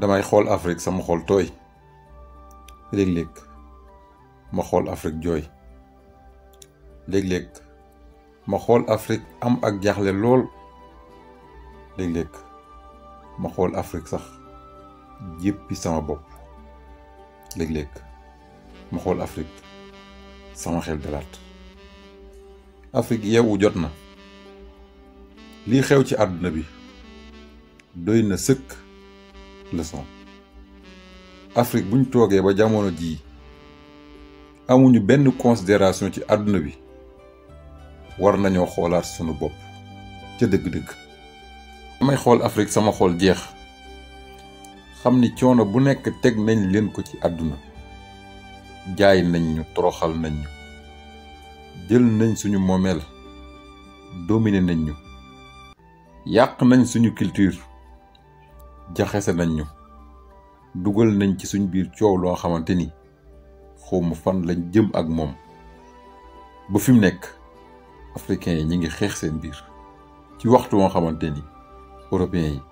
damay xool Afrique sama xool tooy léeg-léeg ma xool Afrique jooy léeg-léeg ma xool Afrique am ak jaaxle lool léeg-léeg ma xool Afrique sax jéppi sama bopp léeg-léeg ma xool Afrique sama xel dalaat Afrique yeewu jot na lii xew ci àdduna bi doy na sëkk leçon Afrique bu ñu toogee ba jamono jii amuñu benn considération ci àdduna bi war nañoo xoolaat sunu bopp ca dëgg-dëgg. damay xool Afrique sama xool jeex xam ni coono bu nekk teg nañ leen ko ci àdduna jaay nañ ñu toroxal nañ jël nañ suñu moomeel dominé nañ yàq nañ suñu culture. jaxase nañ ñu dugal nañ ci suñ biir coow loo xamante ni xawma fan lañ jëm ak moom ba fi mu nekk africains yi ñu ngi xeex seen biir ci waxtu woo xamante ni européens yi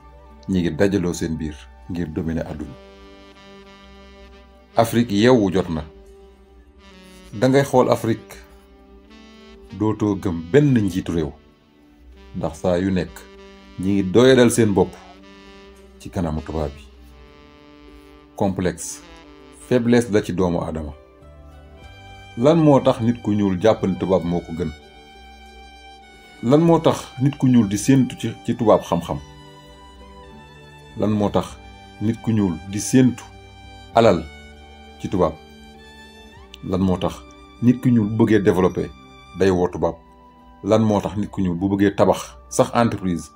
ñi ngi dajaloo seen biir ngir domine àdduna Afrique yeewu jot na da ngay xool Afrique dootoo gëm benn njiitu réew ndax saa yu nekk ñi ngi doyadal seen bopp ci kanamu tubaab yi complexe faiblesse la ci doomu aadama lan moo tax nit ku ñuul jàpp tubaab moo ko gën lan moo tax nit ku ñuul di séentu ci ci tubaab xam-xam lan moo tax nit ku ñuul di séentu alal ci tubaab lan moo tax nit ku ñuul bu bëggee développer day woo tubaab lan moo tax nit ku ñuul bu bëggee tabax sax entreprise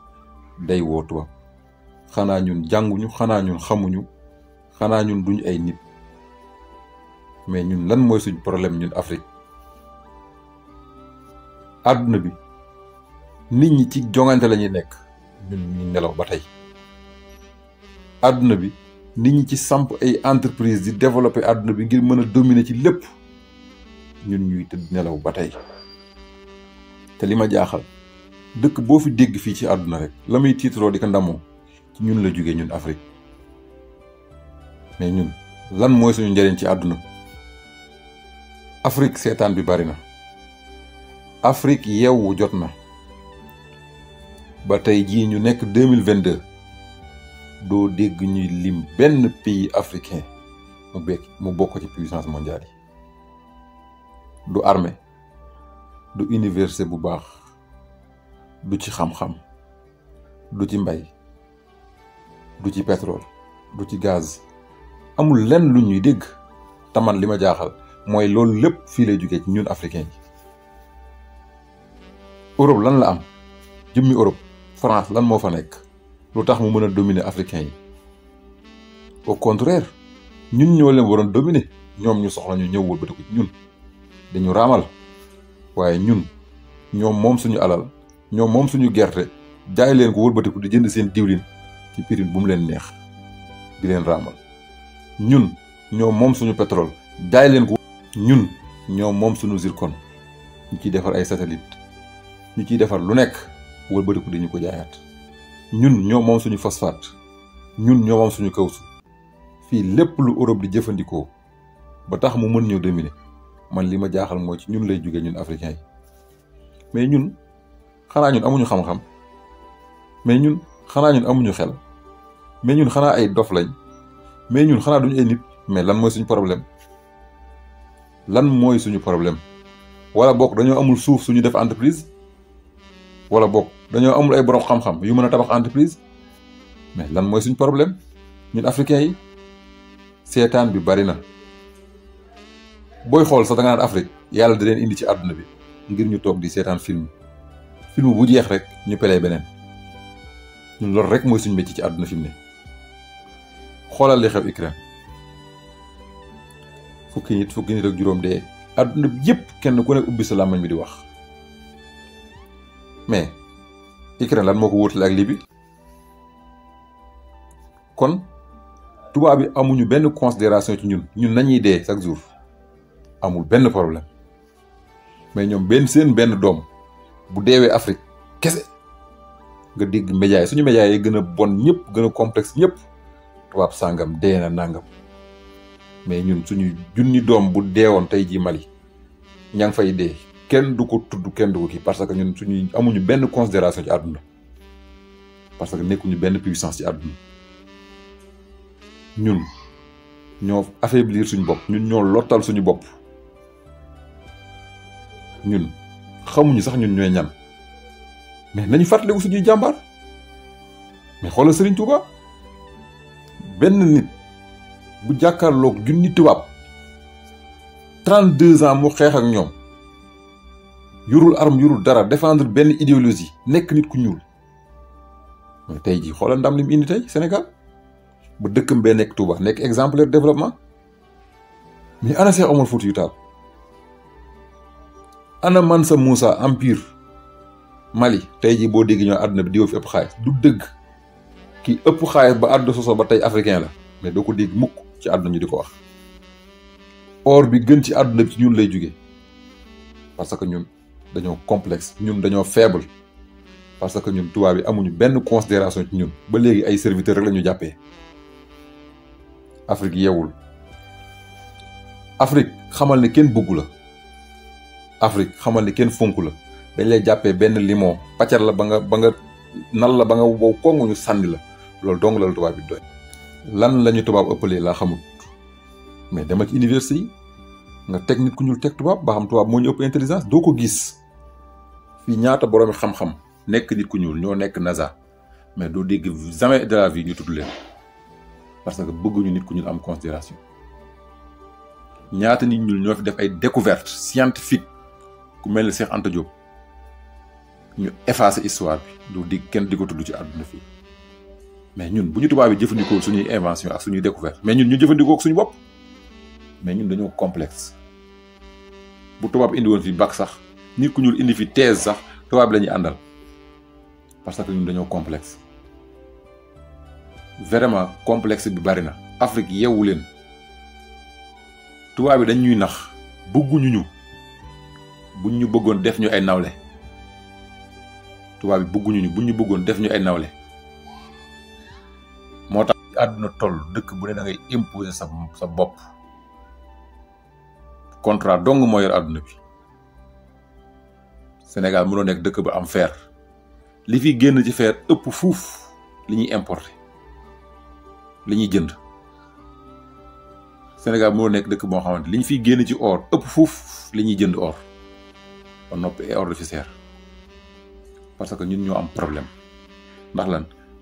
day woo tubaab xanaa ñun jànguñu xanaa ñun xamuñu xanaa ñun duñu ay nit mais ñun lan mooy suñ problème ñun Afrique àdduna bi nit ñi ci jongante la ñuy nekk ñun ba tey àdduna bi nit ñi ci samp ay entreprise di développer àdduna bi ngir mën a dominer ci lépp ñun ñuy tëdd nelaw ba tey te li ma jaaxal dëkk boo fi dégg fii ci àdduna rek la muy tiitaroo di ko ndamoo Nous ñun la Afrique mais nous, lan mooy suñu njëriñ ci àdduna Afrique seetaan bi bari na Afrique yeewu jot na ba tey jii ñu nekk 2022..! dégg pays africain mu bekk puissance mondiale du armée du université du ci du du ci pétrole du ci gaz amul lenn lu ñuy dégg te man li ma jaaxal mooy loolu lépp fii lay jugee ci ñun africains yi Europe lan la am jëmmi Europe France lan moo fa nekk lu tax mu mën a dominer africains yi au contraire ñun ñoo leen waroon dominer ñoom ñu soxla ñu ñëw wëlbatiku ci ñun dañu raamal waaye ñun ñoom moom suñu alal ñoom moom suñu gerte jaay leen ko wëlbatiku di jënd seen diwlin. ci pirine bu mu leen neex di leen raamal ñun ñoo moom suñu pétrole jaay leen ko ñun ñoo moom suñu zircon ñu ciy defar ay satellite ñu ciy defar lu nekk wëlbatiku di ñu ko jaayaat ñun ñoo moom suñu phosphate ñun ñoo moom suñu kawsu fii lépp lu Europe di jëfandikoo ba tax mu mën ñëw demine man li ma jaaxal mooy ci ñun lay jógee ñun africains yi mais ñun xanaa ñun amuñu xam-xam mais ñun xanaa ñun amuñu xel mais ñun xanaa ay dof lañ mais ñun xanaa duñu ay nit mais lan mooy suñu problème lan mooy suñu problème wala bokk dañoo amul suuf suñu def entreprise wala bokk dañoo amul ay borom xam-xam yu mën a tabax entreprise mais lan mooy suñ problème ñun africains yi seetaan bi bari na booy xool sa da nga naan yàlla di leen indi ci àdduna bi ngir ñu toog di seetaan film film bu jeex rek ñu pelee beneen ñun loolu rek mooy suñ métier ci àdduna fi mu xoolal li xew Ukraine fukki nit fukki nit ak juróom dee adduna bi yëpp kenn ku nekk ubbi sa làmmañ bi di wax mais Ukraine lan moo ko wóotale ak Libye kon tubaab bi amuñu benn considération ci ñun ñun nañuy dee chaque jour amul benn problème mais ñoom benn seen benn doom bu deewee Afrique kese nga dégg médias suñu médias yi gën a bon ñëpp gën a complexe ñëpp tubaab sàngam dee na mais ñun suñu junni doom bu Mali fay kenn du ko du ko parce que ñun suñu amuñu benn considération ci parce que nekkuñu benn puissance ci nous ñun ñoo affaiblir suñu bopp ñun ñoo lottal suñu ñun xamuñu sax ñun mais nañu mais xoolal Serigne benn nit bu jàkkaarloog junni ans mu xeex ak dara défendre benn idéologie nekk nit ku ñuul mais tey jii xoolal indi Sénégal ba exemple nekk développement mais ana ana Mansa Moussa empire Mali tey jii boo dégg ñoo àdduna bi fi ki ëpp xaalis ba àdduna soso ba tey africain la mais doo ko dégg mukk ci àdduna ñu di ko wax or bi gën ci àdduna bi ci ñun lay jóge parce que ñun dañoo complexe ñun dañoo faible parce que ñun tubaab yi amuñu benn considération ci ñun ba léegi ay serviteurs rek la ñu jàppee Afrique yeewul Afrique xamal ni kenn bëggu la Afrique xamal ni kenn fonk la dañ lay jàppee benn limon paccar la ba nga ba nga nal la ba nga wow konguñu sànni la loolu dong la tubaab bi doy. lan la ñu tubaab ëppalee laa xamut mais dama ci université yi nga teg nit ku ñul teg tubaab ba xam tubaab moo ñu ëpp intelligence doo ko gis fi ñaata boroomi xam-xam nekk nit ku ñul ñoo nekk NASA mais doo dégg jamais de la vie ñu tudd leen parce que bëgguñu nit ku ñul am considération ñaata nit ñul ñoo fi def ay découverte scientifique ku mel ni Cheikh Anta Diop ñu effacer histoire bi doo dégg kenn di ko tudd ci àdduna fii. mais ñun bu ñu tubaab yi jëfandikoo suñuy invention ak suñuy découverte mais ñun ñu jëfandikoo ak suñu bopp mais ñun dañoo complexe bu tubaab indi woon fi bac sax nit ku ñuul indi fi thèse sax tubaab la ñuy àndal parce que ñun dañoo complexe vraiment complexe bi bari na. Afrique yeewu leen tubaab yi dañ ñuy nax bëgguñu ñu buñ ñu bëggoon def ñu ay nawle tubaab yi bëgguñu ñu bu ñu bëggoon def ñu ay nawle. àdduna toll dëkk bu ne da ngay imposer sa sa bopp contrat dong moo yor àdduna bi Sénégal mënoo nekk dëkk bu am fer li fi génn ci fer ëpp fuuf li ñuy importer li ñuy jënd Sénégal mënoo nekk dëkk boo xamante li ñu génn ci or ëpp fuuf li ñuy jënd or ba noppi or de fi seer parce que ñun ñoo am problème ndax lan.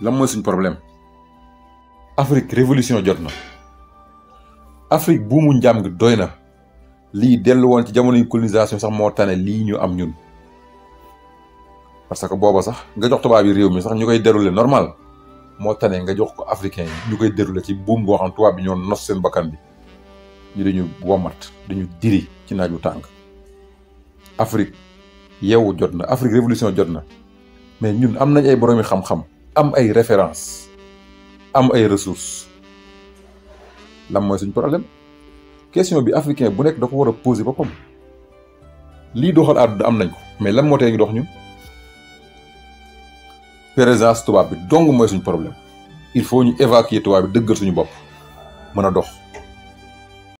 lan suñ problème Afrique révolution jot Afrique buumu gi doy na lii dellu woon ci colonisation sax moo tane lii ñu am parce que booba sax nga jox déroulé normal moo tane nga jox ko africain yi déroulé ci buum goo xam tubaab bi nos seen bakkan bi ñu dañu womat dañu diri ci naaju tàng Afrique yeewu jot Afrique révolution jot mais ñun am nañ ay xam-xam am ay références am ay ressources lan mooy suñ problème question bi africain bu nekk dako ko war a poser boppam lii doxal àdduna am nañ ko mais lan moo tee ñu dox ñun présence tubaab bi dong mooy suñ problème il faut ñu évacuer tubaab bi dëggal suñu bopp mën a dox